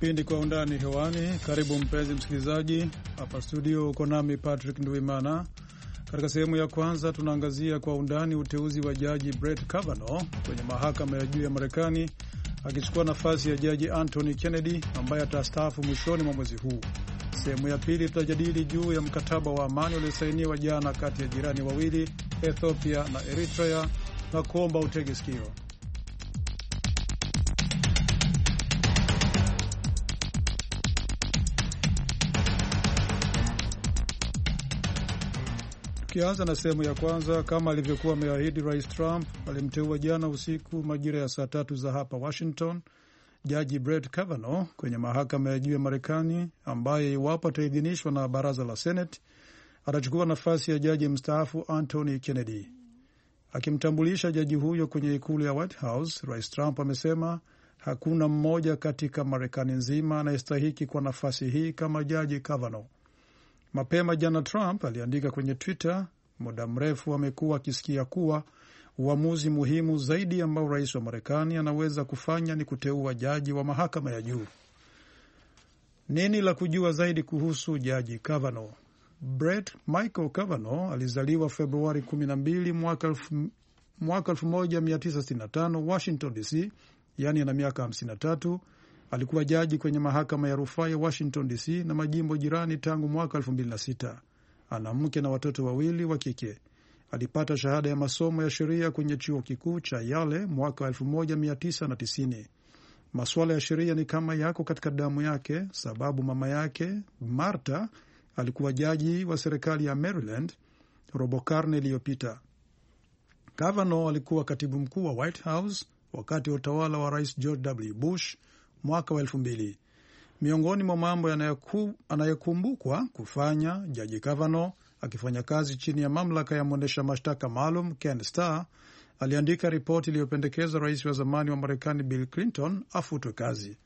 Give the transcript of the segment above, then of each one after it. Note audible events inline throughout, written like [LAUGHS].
kipindi Kwa Undani hewani. Karibu mpenzi msikilizaji, hapa studio uko nami Patrick Nduimana. Katika sehemu ya kwanza, tunaangazia kwa undani uteuzi wa jaji Brett Kavanaugh kwenye mahakama ya juu ya Marekani, akichukua nafasi ya jaji Anthony Kennedy ambaye atastaafu mwishoni mwa mwezi huu. Sehemu ya pili, tutajadili juu ya mkataba wa amani uliosainiwa jana kati ya jirani wawili Ethiopia na Eritrea na kuomba utege sikio. Tukianza na sehemu ya kwanza, kama alivyokuwa ameahidi, Rais Trump alimteua jana usiku majira ya saa tatu za hapa Washington Jaji Brett Kavanaugh kwenye mahakama ya juu ya Marekani, ambaye iwapo ataidhinishwa na baraza la Senate atachukua nafasi ya jaji mstaafu Anthony Kennedy. Akimtambulisha jaji huyo kwenye ikulu ya White House, Rais Trump amesema hakuna mmoja katika Marekani nzima anayestahiki kwa nafasi hii kama Jaji Kavanaugh. Mapema jana, Trump aliandika kwenye Twitter, muda mrefu amekuwa akisikia kuwa uamuzi muhimu zaidi ambao rais wa Marekani anaweza kufanya ni kuteua jaji wa mahakama ya juu. Nini la kujua zaidi kuhusu jaji Kavanaugh? Brett Michael Kavanaugh alizaliwa Februari 12 mwaka 1965 Washington DC, yani ana miaka 53. Alikuwa jaji kwenye mahakama ya rufaa ya Washington DC na majimbo jirani tangu mwaka 2006. Ana mke na watoto wawili wa kike. Alipata shahada ya masomo ya sheria kwenye chuo kikuu cha Yale mwaka 1990. Masuala ya sheria ni kama yako katika damu yake, sababu mama yake marta alikuwa jaji wa serikali ya Maryland robo karne iliyopita. Kavanaugh alikuwa katibu mkuu wa White House wakati wa utawala wa Rais George W. Bush mwaka wa elfu mbili. Miongoni mwa mambo anayekumbukwa kufanya Jaji Kavanaugh akifanya kazi chini ya mamlaka ya mwendesha mashtaka maalum Ken Starr aliandika ripoti iliyopendekeza rais wa zamani wa Marekani Bill Clinton afutwe kazi.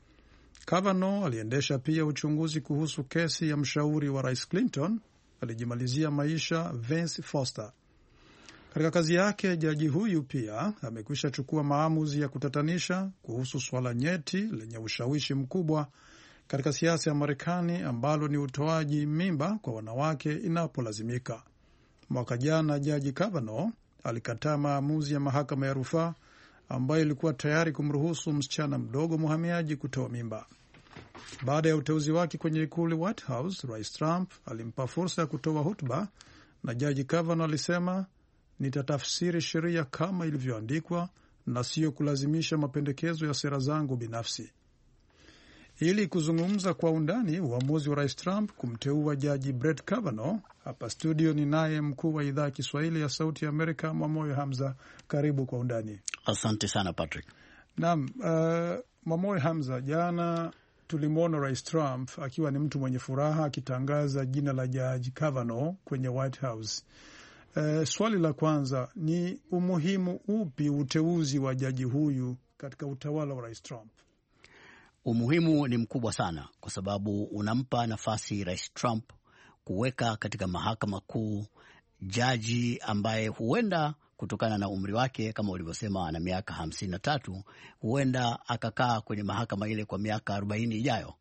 Kavanaugh aliendesha pia uchunguzi kuhusu kesi ya mshauri wa rais Clinton alijimalizia maisha Vince Foster. Katika kazi yake, jaji huyu pia amekwisha chukua maamuzi ya kutatanisha kuhusu swala nyeti lenye ushawishi mkubwa katika siasa ya Marekani ambalo ni utoaji mimba kwa wanawake inapolazimika. Mwaka jana jaji Kavanaugh alikataa maamuzi ya mahakama ya rufaa ambayo ilikuwa tayari kumruhusu msichana mdogo mhamiaji kutoa mimba. Baada ya uteuzi wake kwenye ikulu White House, Rais Trump alimpa fursa ya kutoa hotuba na jaji Kavanaugh alisema nitatafsiri sheria kama ilivyoandikwa na siyo kulazimisha mapendekezo ya sera zangu binafsi. Ili kuzungumza kwa undani uamuzi wa rais Trump kumteua jaji Brett Kavanaugh, hapa studio ni naye mkuu wa idhaa ya Kiswahili ya Sauti ya Amerika, Mwamoyo Hamza. Karibu kwa undani. Asante sana Patrick. Naam, uh, Mwamoyo Hamza, jana tulimwona rais Trump akiwa ni mtu mwenye furaha akitangaza jina la jaji Kavanaugh kwenye White House. E, swali la kwanza ni umuhimu upi uteuzi wa jaji huyu katika utawala wa Rais Trump? Umuhimu ni mkubwa sana, kwa sababu unampa nafasi Rais Trump kuweka katika mahakama kuu jaji ambaye huenda kutokana na umri wake kama ulivyosema, ana miaka hamsini na tatu, huenda akakaa kwenye mahakama ile kwa miaka arobaini ijayo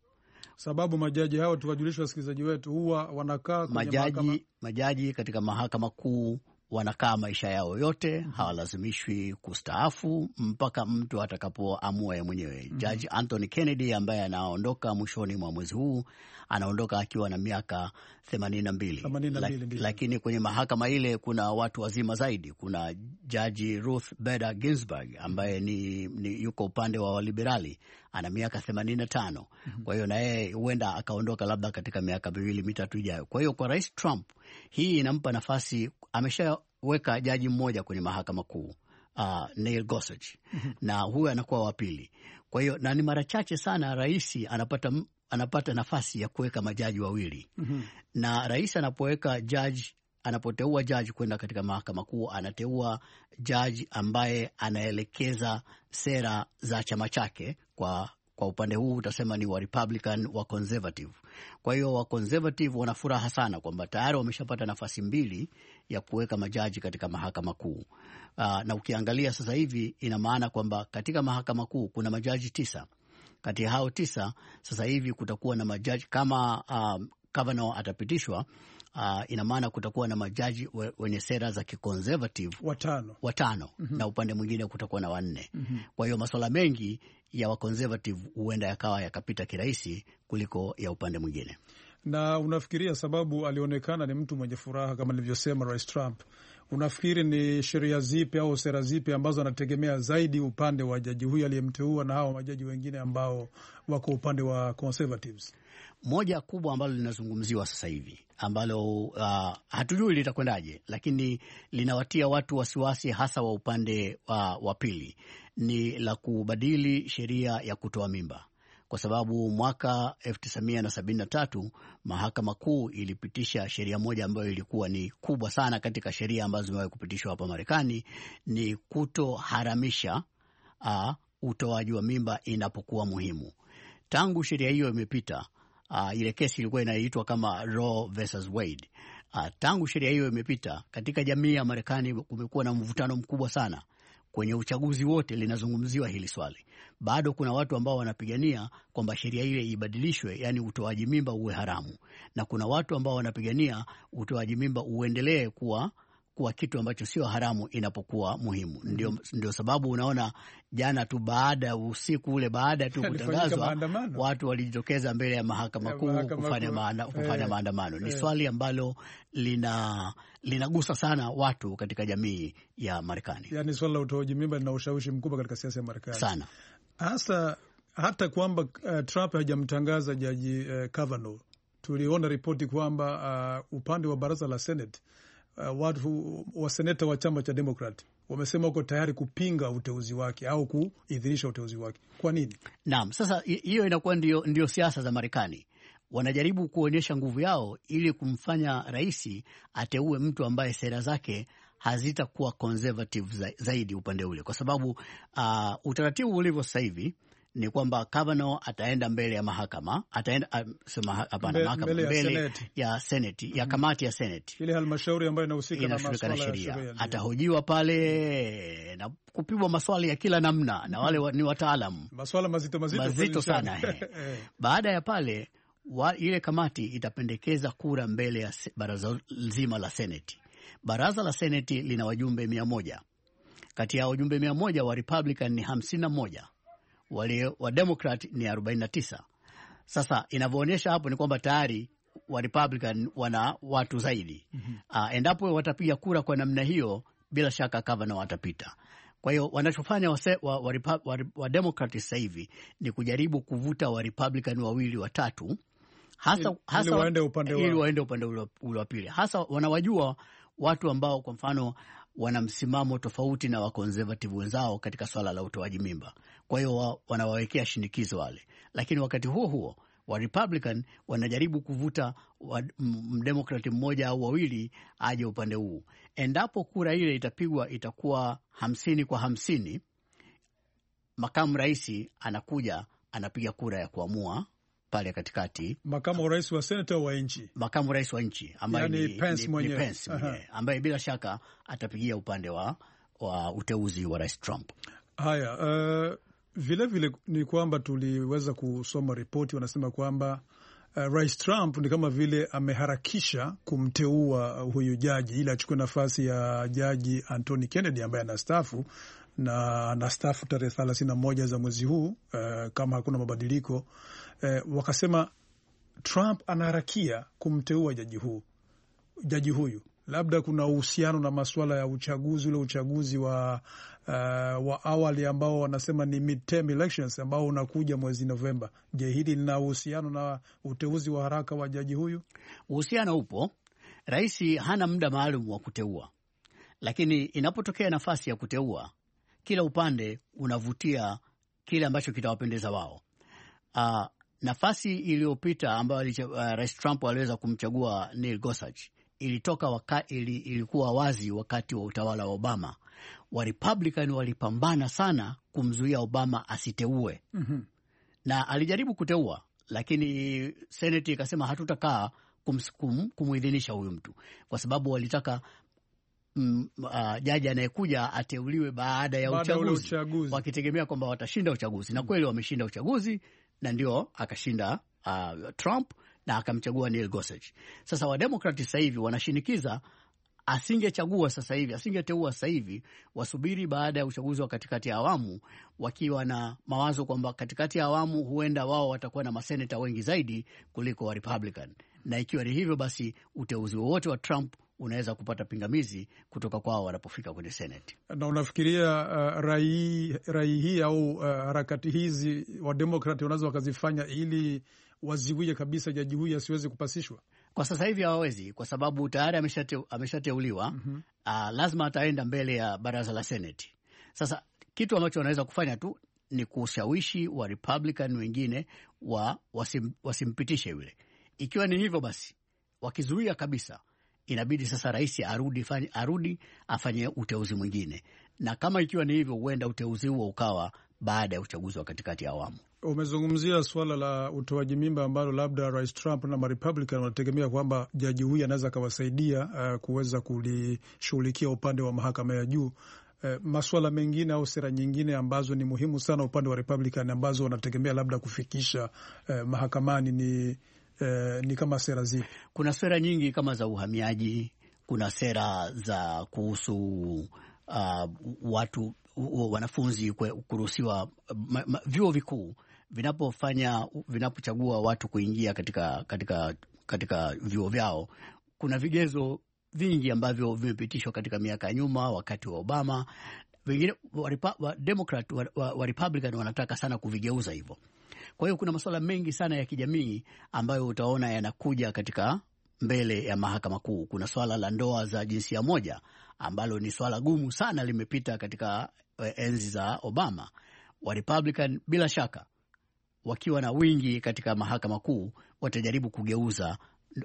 sababu majaji hao, tuwajulishe wasikilizaji wetu, huwa wanakaa majaji, mahakama... majaji katika mahakama kuu wanakaa maisha yao yote, mhm. hawalazimishwi kustaafu mpaka mtu atakapoamua mwenyewe. mm -hmm. Jaji Anthony Kennedy ambaye anaondoka mwishoni mwa mwezi huu anaondoka akiwa na miaka 82 mbili, lakini kwenye mahakama ile kuna watu wazima zaidi. Kuna jaji Ruth Bader Ginsburg ambaye ni, ni yuko upande wa waliberali ana miaka tano. mm -hmm. Kwa hiyo naye huenda akaondoka labda katika miaka miwili mitatu ijayo. Kwa hiyo kwa Rais Trump hii inampa nafasi, ameshaweka jaji mmoja kwenye mahakama kuu uh, Neil Gorsuch mhm. na huyo anakuwa wa pili. Kwa hiyo na ni mara chache sana rais anapata anapata nafasi ya kuweka majaji wawili mm -hmm. na rais anapoweka jaji anapoteua jaji kwenda katika mahakama kuu anateua jaji ambaye anaelekeza sera za chama chake kwa kwa upande huu utasema ni wa Republican, wa Conservative. Kwa hiyo wa Conservative wana furaha sana kwamba tayari wameshapata nafasi mbili ya kuweka majaji katika mahakama kuu. Ah, na ukiangalia sasa hivi ina maana kwamba katika mahakama kuu kuna majaji tisa kati ya hao tisa, sasa hivi kutakuwa na majaji kama um, atapitishwa Uh, ina maana kutakuwa na majaji wenye sera za kiconservative watano, watano. Mm -hmm. Na upande mwingine kutakuwa na wanne. Mm -hmm. Kwa hiyo masuala mengi ya waconservative huenda yakawa yakapita kirahisi kuliko ya upande mwingine. Na unafikiria sababu alionekana ni mtu mwenye furaha kama nilivyosema Rais Trump unafikiri ni sheria zipi au sera zipi ambazo anategemea zaidi upande wa jaji huyu aliyemteua na hawa majaji wengine ambao wako upande wa conservatives? Moja kubwa ambalo linazungumziwa sasa hivi ambalo uh, hatujui litakwendaje, lakini linawatia watu wasiwasi, hasa wa upande uh, wa pili, ni la kubadili sheria ya kutoa mimba kwa sababu mwaka 1973 mahakama kuu ilipitisha sheria moja ambayo ilikuwa ni kubwa sana katika sheria ambazo zimewahi kupitishwa hapa Marekani, ni kutoharamisha utoaji wa mimba inapokuwa muhimu. Tangu sheria hiyo imepita, ile kesi ilikuwa inaitwa kama Roe versus Wade. Tangu sheria hiyo imepita, katika jamii ya Marekani kumekuwa na mvutano mkubwa sana kwenye uchaguzi wote linazungumziwa hili swali. Bado kuna watu ambao wanapigania kwamba sheria ile ibadilishwe, yaani utoaji mimba uwe haramu, na kuna watu ambao wanapigania utoaji mimba uendelee kuwa kuwa kitu ambacho sio haramu inapokuwa muhimu. Mm-hmm. Ndio, Ndio sababu unaona jana tu baada ya usiku ule baada tu [LAUGHS] kutangazwa watu walijitokeza mbele ya mahakama kuu kufanya eh, maandamano. Hey. Ni eh. swali ambalo lina linagusa sana watu katika jamii ya Marekani, yani swala la utoaji mimba lina ushawishi mkubwa katika siasa ya Marekani sana hasa hata kwamba uh, Trump hajamtangaza jaji uh, Kavanaugh. Tuliona ripoti kwamba uh, upande wa baraza la Senate uh, watu waseneta wa chama cha Demokrat wamesema wako tayari kupinga uteuzi wake au kuidhinisha uteuzi wake. Kwa nini? Naam, sasa hiyo inakuwa ndio, ndio siasa za Marekani wanajaribu kuonyesha nguvu yao ili kumfanya rais ateue mtu ambaye sera zake hazitakuwa conservative zaidi upande ule, kwa sababu uh, utaratibu ulivyo sasa hivi ni kwamba Kavanaugh ataenda mbele ya mahakama, ataenda ah, hapana, mahakama mbele ya seneti ya mhm. kamati ya seneti, ile halmashauri ambayo inahusika na masuala ya sheria. Atahojiwa pale na kupigwa maswali ya kila namna na wale ni wataalamu, maswala mazito mazito, mazito sana [LAUGHS] eh. baada ya pale wa, ile kamati itapendekeza kura mbele ya baraza nzima la seneti. Baraza la seneti lina wajumbe mia moja. Kati ya wajumbe mia moja wa Republican ni hamsini na moja walio Wademokrat ni 49. Sasa inavyoonyesha hapo ni kwamba tayari wa Republican wana watu zaidi mm -hmm. Uh, endapo watapiga kura kwa namna hiyo, bila shaka Kavanaugh watapita. Kwa hiyo wanachofanya wa, wa, wa, wa Democrat sasa hivi ni kujaribu kuvuta wa Republican wawili watatu, hasa hasa ili waende upande ule wa pili, hasa wanawajua watu ambao kwa mfano wana msimamo tofauti na wakonservative wenzao katika swala la utoaji mimba, kwa hiyo wanawawekea shinikizo wale, lakini wakati huo huo wa Republican wanajaribu kuvuta wa mdemokrati mmoja au wawili aje upande huu. Endapo kura ile itapigwa itakuwa hamsini kwa hamsini, makamu rais anakuja anapiga kura ya kuamua pale katikati, makamu rais wa senata wa nchi, makamu rais wa nchi ambaye yani ni Pence mwenyewe, ambaye bila shaka atapigia upande wa, wa uteuzi wa rais Trump. Haya, uh, eh, vilevile ni kwamba tuliweza kusoma ripoti, wanasema kwamba Uh, Rais Trump ni kama vile ameharakisha kumteua eh, huyu jaji ili achukue nafasi ya jaji Anthony Kennedy ambaye anastaafu, na stafu tarehe thelathini na moja za mwezi huu uh, kama hakuna mabadiliko uh, wakasema Trump anaharakia kumteua jaji huu jaji huyu labda kuna uhusiano na masuala ya uchaguzi ule uchaguzi wa, uh, wa awali ambao wanasema ni midterm elections ambao unakuja mwezi Novemba. Je, hili lina uhusiano na uteuzi wa haraka wa jaji huyu? Uhusiano upo. Rais hana muda maalum wa kuteua, lakini inapotokea nafasi ya kuteua kila upande unavutia kile ambacho kitawapendeza wao. Uh, nafasi iliyopita ambayo uh, Rais Trump aliweza kumchagua Neil Gorsuch ilitoka waka, ili, ilikuwa wazi wakati wa utawala wa Obama. Warepublican walipambana sana kumzuia Obama asiteue mm -hmm. na alijaribu kuteua, lakini seneti ikasema hatutakaa kumuidhinisha huyu mtu, kwa sababu walitaka m, mm, uh, jaji anayekuja ateuliwe baada ya uchaguzi, uchaguzi, wakitegemea kwamba watashinda uchaguzi na mm. kweli wameshinda uchaguzi na ndio akashinda uh, Trump na akamchagua Neil Gorsuch. Sasa wademokrati sasa hivi wanashinikiza asingechagua sasa hivi, asingeteua sasa hivi, wasubiri baada ya uchaguzi wa katikati ya awamu, wakiwa na mawazo kwamba katikati ya awamu huenda wao watakuwa na maseneta wengi zaidi kuliko wa Republican, na ikiwa ni hivyo basi uteuzi wowote wa Trump unaweza kupata pingamizi kutoka kwao wanapofika kwenye Senate. Na unafikiria uh, rai, hii au uh, harakati hizi wademokrati wanaweza wakazifanya ili waziwie kabisa jaji huyu asiwezi kupasishwa? Kwa sasa hivi hawawezi, kwa sababu tayari ameshateuliwa. mm -hmm. Uh, lazima ataenda mbele ya baraza la Seneti. Sasa kitu ambacho wanaweza kufanya tu ni kushawishi wa Republican wengine wa wasim, wasimpitishe yule. Ikiwa ni hivyo basi, wakizuia kabisa inabidi sasa rais arudi, arudi afanye uteuzi mwingine, na kama ikiwa ni hivyo, huenda uteuzi huo ukawa baada ya uchaguzi wa katikati ya awamu. Umezungumzia suala la utoaji mimba ambalo labda rais Trump na Marepublican wanategemea kwamba jaji huyu anaweza akawasaidia uh, kuweza kulishughulikia upande wa mahakama ya juu. Uh, maswala mengine au sera nyingine ambazo ni muhimu sana upande wa Republican ambazo wanategemea labda kufikisha eh, mahakamani ni Eh, ni kama sera zipi? Kuna sera nyingi kama za uhamiaji, kuna sera za kuhusu uh, watu wanafunzi kuruhusiwa vyuo vikuu vinapofanya vinapochagua watu kuingia katika, katika, katika vyuo vyao, kuna vigezo vingi ambavyo vimepitishwa katika miaka ya nyuma wakati wa Obama. Wengine wa Democrat wa, wa, wa Republican wanataka sana kuvigeuza hivyo kwa hiyo kuna masuala mengi sana ya kijamii ambayo utaona yanakuja katika mbele ya mahakama kuu. Kuna swala la ndoa za jinsia moja ambalo ni swala gumu sana, limepita katika eh, enzi za Obama. Wa Republican bila shaka wakiwa na wingi katika mahakama kuu watajaribu kugeuza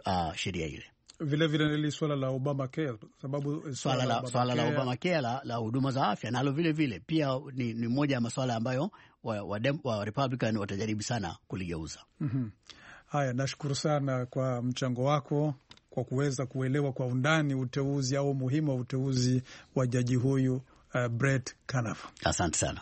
uh, sheria ile vilevile nili swala la Obamacare, sababu eh, swala la swala la la, la huduma za afya nalo vilevile pia ni, ni moja ya masuala ambayo wa, wa, dem, wa Republican watajaribu sana kuligeuza. mm -hmm. Haya, nashukuru sana kwa mchango wako kwa kuweza kuelewa kwa undani uteuzi au umuhimu wa uteuzi wa jaji huyu uh, Brett Kavanaugh. Asante sana.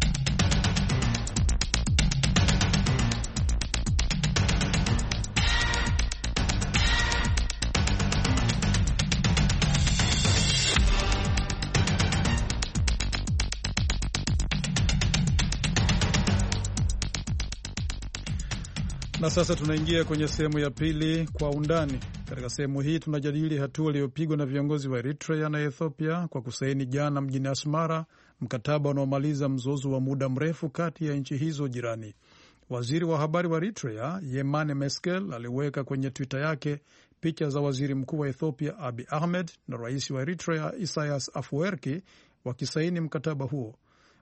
sasa tunaingia kwenye sehemu ya pili kwa undani. Katika sehemu hii tunajadili hatua iliyopigwa na viongozi wa Eritrea na Ethiopia kwa kusaini jana mjini Asmara mkataba unaomaliza mzozo wa muda mrefu kati ya nchi hizo jirani. Waziri wa habari wa Eritrea Yemane Meskel aliweka kwenye Twitter yake picha za waziri mkuu wa Ethiopia Abi Ahmed na rais wa Eritrea Isayas Afwerki wakisaini mkataba huo.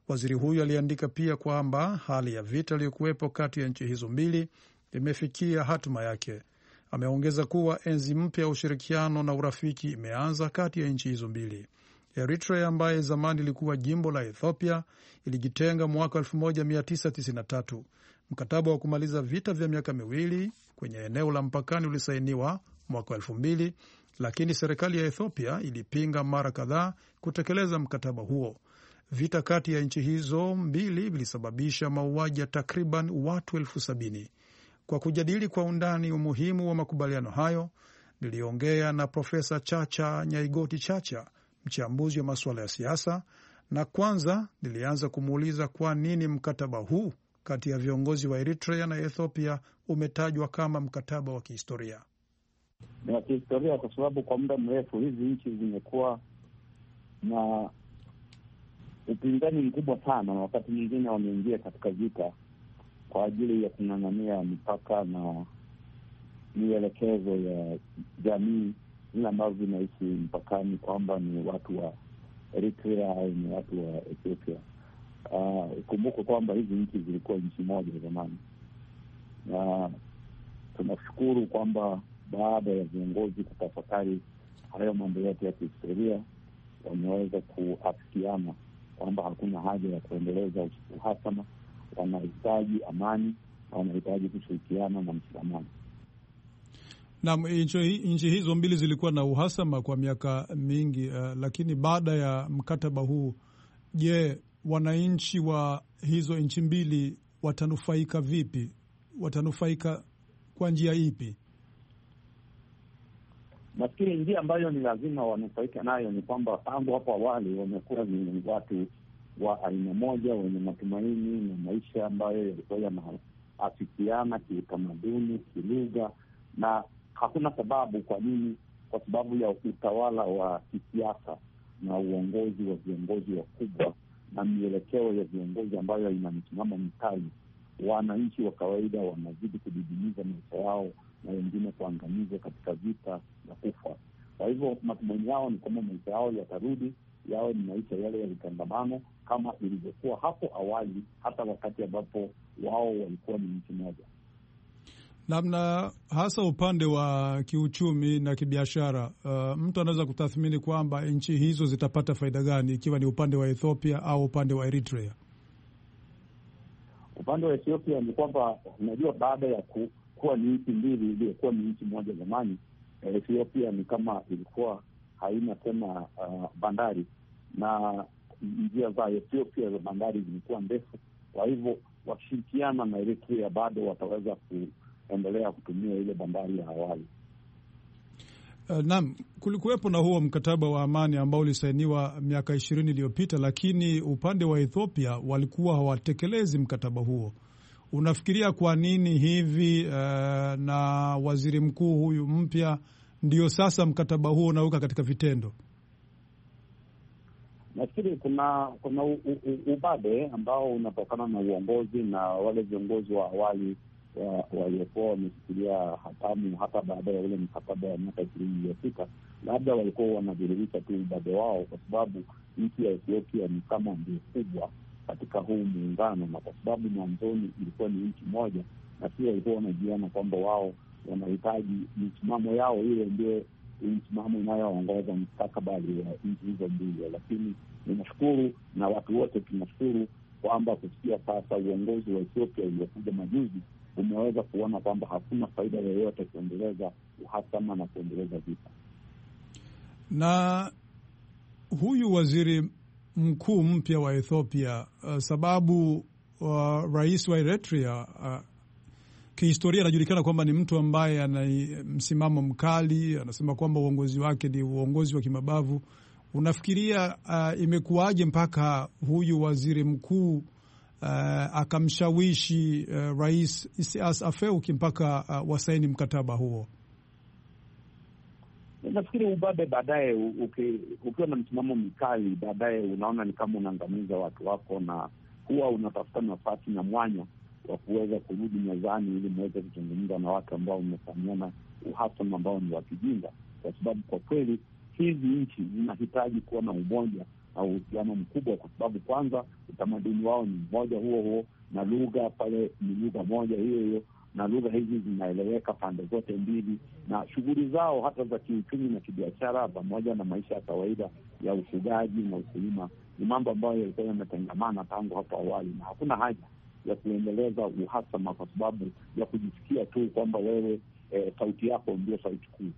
Waziri huyo aliandika pia kwamba hali ya vita iliyokuwepo kati ya nchi hizo mbili limefikia hatima yake. Ameongeza kuwa enzi mpya ya ushirikiano na urafiki imeanza kati ya nchi hizo mbili. Eritrea ambaye zamani ilikuwa jimbo la Ethiopia ilijitenga mwaka 1993. Mkataba wa kumaliza vita vya miaka miwili kwenye eneo la mpakani ulisainiwa mwaka 2000, lakini serikali ya Ethiopia ilipinga mara kadhaa kutekeleza mkataba huo. Vita kati ya nchi hizo mbili vilisababisha mauaji ya takriban watu elfu sabini. Kwa kujadili kwa undani umuhimu wa makubaliano hayo, niliongea na Profesa Chacha Nyaigoti Chacha, mchambuzi wa masuala ya siasa, na kwanza nilianza kumuuliza kwa nini mkataba huu kati ya viongozi wa Eritrea na Ethiopia umetajwa kama mkataba wa kihistoria. Ni wa kihistoria kwa sababu kwa muda mrefu hizi nchi zimekuwa na upinzani mkubwa sana, na wakati mwingine wameingia katika vita kwa ajili ya kung'ang'ania mipaka na mielekezo ya jamii vile ambazo zinaishi mpakani, kwamba ni watu wa Eritrea au ni watu wa Ethiopia. Ah, Ikumbuke uh, kwamba hizi nchi zilikuwa nchi moja zamani, na tunashukuru kwamba baada ya viongozi kutafakari hayo mambo yote ya kihistoria wameweza kuafikiana kwamba hakuna haja ya kuendeleza uhasama wanahitaji amani na wanahitaji kushirikiana na mshikamano. Naam, nchi hizo mbili zilikuwa na uhasama kwa miaka mingi uh, lakini baada ya mkataba huu, je, wananchi wa hizo nchi mbili watanufaika vipi? Watanufaika kwa njia ipi? Nafikiri njia ambayo ni lazima wanufaika nayo ni kwamba tangu hapo awali wamekuwa ni watu wa aina moja wenye matumaini na maisha ambayo yalikuwa yanaafikiana kiutamaduni, kilugha, na hakuna sababu. Kwa nini? Kwa sababu ya utawala wa kisiasa na uongozi wa viongozi wakubwa na mielekeo ya viongozi ambayo ina msimamo mkali. Wananchi wa kawaida wanazidi kudidimiza maisha yao na wengine kuangamizwa katika vita na kufa. Kwa hivyo matumaini yao ni kwamba maisha yao yatarudi, yao ni maisha yale ya utangamano kama ilivyokuwa hapo awali, hata wakati ambapo wao walikuwa ni nchi moja namna hasa upande wa kiuchumi na kibiashara. Uh, mtu anaweza kutathmini kwamba nchi hizo zitapata faida gani, ikiwa ni upande wa Ethiopia au upande wa Eritrea. Upande wa Ethiopia ni kwamba unajua, baada ya ku, kuwa ni nchi mbili iliyokuwa ni nchi moja zamani, Ethiopia ni kama ilikuwa haina tena uh, bandari na njia za Ethiopia za bandari zilikuwa ndefu. Kwa hivyo wakishirikiana na Eritrea bado wataweza kuendelea kutumia ile bandari ya Hawali. Uh, eh, naam, kulikuwepo na huo mkataba wa amani ambao ulisainiwa miaka ishirini iliyopita, lakini upande wa Ethiopia walikuwa hawatekelezi mkataba huo. Unafikiria kwa nini hivi? Uh, na waziri mkuu huyu mpya ndio sasa mkataba huo unaweka katika vitendo. Nafikiri kuna kuna u, u, u, ubabe ambao unatokana na uongozi na wale viongozi wa awali waliokuwa wameshikilia hatamu hata baada ya ule mkataba wa miaka ishirini iliyofika, labda walikuwa wanadhihirisha tu ubabe wao, kwa sababu nchi ya Ethiopia ni kama ndio kubwa katika huu muungano, na kwa sababu mwanzoni ilikuwa ni nchi moja, na pia walikuwa wanajiona kwamba wao wanahitaji misimamo yao ile ndio msimamo inayoongoza mstakabali wa nchi hizo mbili. Lakini ninashukuru na watu wote tunashukuru kwamba kufikia sasa uongozi wa Ethiopia uliokuja majuzi umeweza kuona kwamba hakuna faida yoyote kuendeleza uhasama na kuendeleza vita. Na huyu waziri mkuu mpya wa Ethiopia uh, sababu uh, rais wa Eritrea uh, kihistoria anajulikana kwamba ni mtu ambaye ana msimamo mkali, anasema kwamba uongozi wake ni uongozi wa kimabavu. Unafikiria uh, imekuwaje mpaka huyu waziri mkuu Uh, akamshawishi uh, Rais Isaias Afwerki mpaka uh, wasaini mkataba huo. Nafikiri ubabe baadaye, ukiwa na msimamo mkali, baadaye unaona ni kama unaangamiza watu wako, na huwa unatafuta nafasi na mwanya wa kuweza kurudi mezani ili mweze kuzungumza na watu ambao mmefanyiana uhasama ambao ni wakijinga, kwa sababu kwa kweli hizi nchi zinahitaji kuwa na umoja na uhusiano mkubwa, kwa sababu kwanza utamaduni wao ni mmoja huo huo, na lugha pale ni lugha moja hiyo hiyo, na lugha hizi zinaeleweka pande zote mbili, na shughuli zao hata za kiuchumi na kibiashara, pamoja na maisha ya kawaida ya ufugaji na ukulima, ni mambo ambayo yalikuwa yametengamana tangu hapo awali, na hakuna haja ya kuendeleza uhasama kwa sababu ya kujisikia tu kwamba wewe e, sauti yako ndio sauti kuu.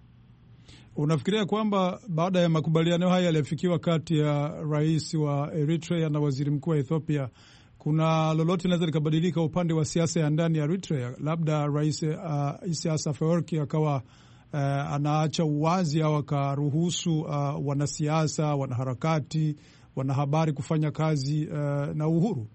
Unafikiria kwamba baada ya makubaliano haya yaliyofikiwa kati ya rais wa Eritrea na waziri mkuu wa Ethiopia kuna lolote linaweza likabadilika upande wa siasa ya ndani ya Eritrea, labda rais uh, Isaias Afwerki akawa uh, anaacha uwazi au akaruhusu uh, wanasiasa, wanaharakati, wanahabari kufanya kazi uh, na uhuru?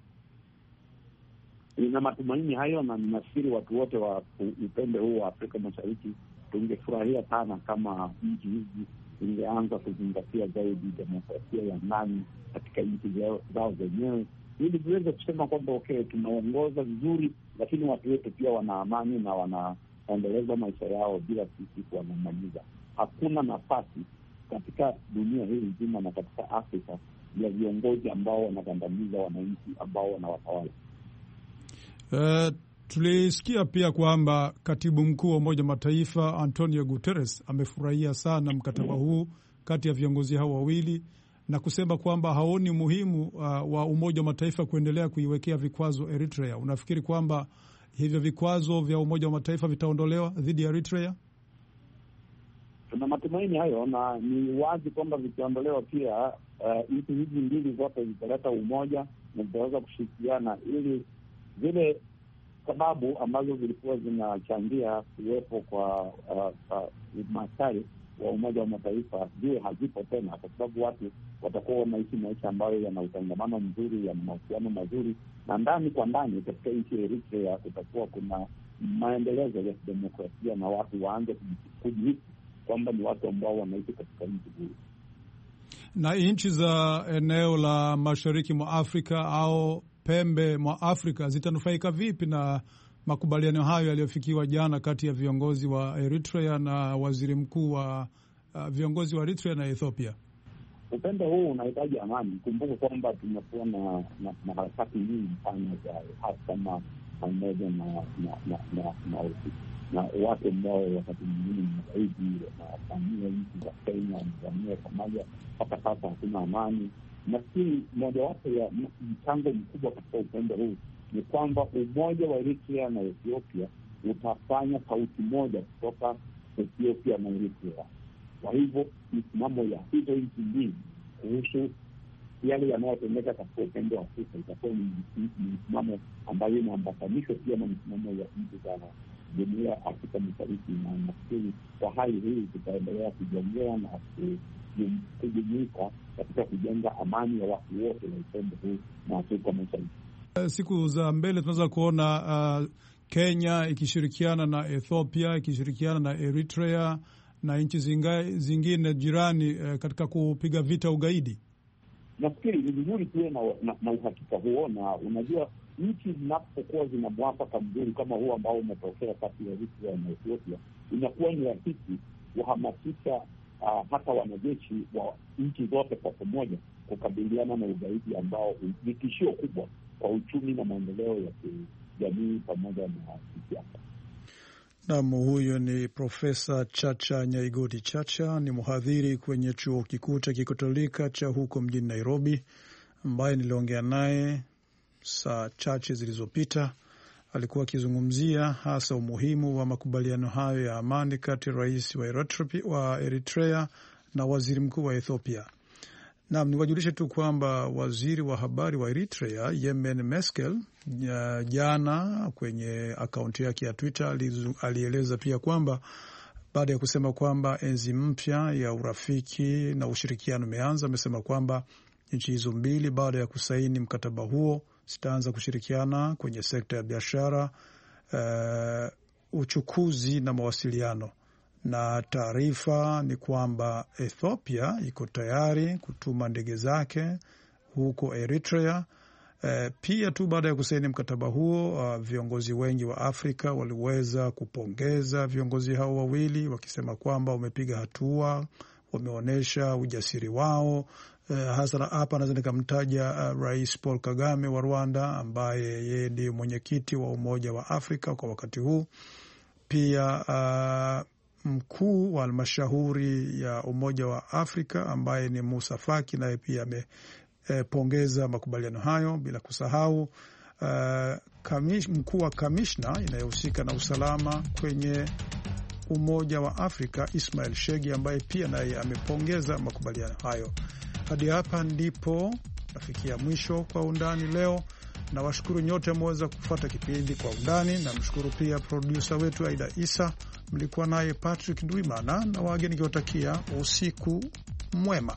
Nina matumaini hayo, na ninafikiri watu wote wa upende huu wa Afrika Mashariki tungefurahia sana kama nchi hizi ingeanza kuzingatia zaidi demokrasia ya ndani katika nchi zao zenyewe, ili tuweze kusema kwamba okay, tunaongoza vizuri, lakini watu wetu pia wana amani na wanaendeleza maisha yao bila sisi kuwanamaliza. Hakuna nafasi katika dunia hii nzima na katika Afrika ya viongozi ambao wanagandamiza wananchi ambao wanawatawala. Uh, tulisikia pia kwamba katibu mkuu wa Umoja Mataifa Antonio Guterres amefurahia sana mkataba huu kati ya viongozi hao wawili na kusema kwamba haoni umuhimu uh, wa Umoja wa Mataifa kuendelea kuiwekea vikwazo Eritrea. Unafikiri kwamba hivyo vikwazo vya Umoja wa Mataifa vitaondolewa dhidi ya Eritrea? Tuna matumaini hayo, na ni wazi kwamba vikiondolewa pia uh, nchi uh, hizi mbili zote zitaleta umoja na zitaweza kushirikiana ili zile sababu ambazo zilikuwa zinachangia kuwepo kwa uh, uh, maskari wa Umoja wa Mataifa ziwe hazipo tena, kwa sababu watu watakuwa wanaishi maisha ambayo yana utangamano mzuri, yana mahusiano mazuri, na ndani kwa ndani katika nchi ya Eritrea kutakuwa kuna maendelezo ya kidemokrasia na watu waanze kujihisi kwamba ni watu ambao wanaishi katika nchi hii na nchi za eneo la mashariki mwa Afrika au pembe mwa Afrika zitanufaika vipi na makubaliano hayo yaliyofikiwa jana kati ya viongozi wa Eritrea na waziri mkuu wa uh, viongozi wa Eritrea na Ethiopia? Upendo huu unahitaji amani. Kumbuka kwamba tumekuwa na na harakati nyingi sana za uhasama pamoja na na watu ambao wakati mwingine magaidi wanavamia nchi za Kenya, wanavamia Somalia. Mpaka sasa hakuna amani. Nafikiri mojawapo ya mchango mkubwa katika upande huu ni kwamba umoja wa Eritrea na Ethiopia utafanya sauti moja kutoka Ethiopia na Eritrea. Kwa hivyo misimamo ya hizo nchi mbili kuhusu yale yanayotendeka katika upande wa Afrika itakuwa ni misimamo ambayo inaambatanishwa pia na misimamo ya nchi za jumuia ya Afrika Mashariki, na nafikiri kwa hali hii tutaendelea kujongea na kujumuika katika kujenga amani ya watu wote na upendo huu na Afrika Mashariki. Eh, siku za mbele tunaweza kuona uh, Kenya ikishirikiana na Ethiopia ikishirikiana na Eritrea na nchi zingine jirani uh, katika kupiga vita ugaidi. Nafikiri ni vizuri tuwe na, na, na uhakika huo, na unajua nchi zinapokuwa zina mwafaka mzuri kama huo ambao umetokea kati ya Eritrea na Ethiopia, inakuwa ni rahisi kuhamasisha uh, hata wanajeshi wa nchi zote kwa pamoja kukabiliana na ugaidi ambao ni tishio kubwa kwa uchumi na maendeleo ya kijamii pamoja na kisiasa. Nam, huyo ni Profesa Chacha Nyaigoti Chacha, ni mhadhiri kwenye chuo kikuu cha kikatolika cha huko mjini Nairobi, ambaye niliongea naye saa chache zilizopita alikuwa akizungumzia hasa umuhimu wa makubaliano hayo ya amani kati ya rais wa Eritrea na waziri mkuu wa Ethiopia. Nam, niwajulishe tu kwamba waziri wa habari wa Eritrea Yemen Meskel jana kwenye akaunti yake ya Twitter alieleza pia kwamba baada ya kusema kwamba enzi mpya ya urafiki na ushirikiano imeanza, amesema kwamba nchi hizo mbili baada ya kusaini mkataba huo zitaanza kushirikiana kwenye sekta ya biashara, uh, uchukuzi na mawasiliano. Na taarifa ni kwamba Ethiopia iko tayari kutuma ndege zake huko Eritrea. Uh, pia tu baada ya kusaini mkataba huo, uh, viongozi wengi wa Afrika waliweza kupongeza viongozi hao wawili wakisema kwamba wamepiga hatua, wameonyesha ujasiri wao Uh, hasa hapa naweza nikamtaja uh, Rais Paul Kagame wa Rwanda ambaye yeye ndiyo mwenyekiti wa Umoja wa Afrika kwa wakati huu. Pia uh, mkuu wa halmashauri ya Umoja wa Afrika ambaye ni Musa Faki naye pia amepongeza eh, makubaliano hayo, bila kusahau uh, mkuu wa kamishna inayohusika na usalama kwenye Umoja wa Afrika Ismail Shegi ambaye pia naye amepongeza makubaliano hayo. Hadi hapa ndipo nafikia mwisho kwa undani leo. Nawashukuru nyote ameweza kufuata kipindi kwa undani. Namshukuru pia produsa wetu Aida Isa, mlikuwa naye Patrick Ndwimana na wage nikiwatakia usiku mwema.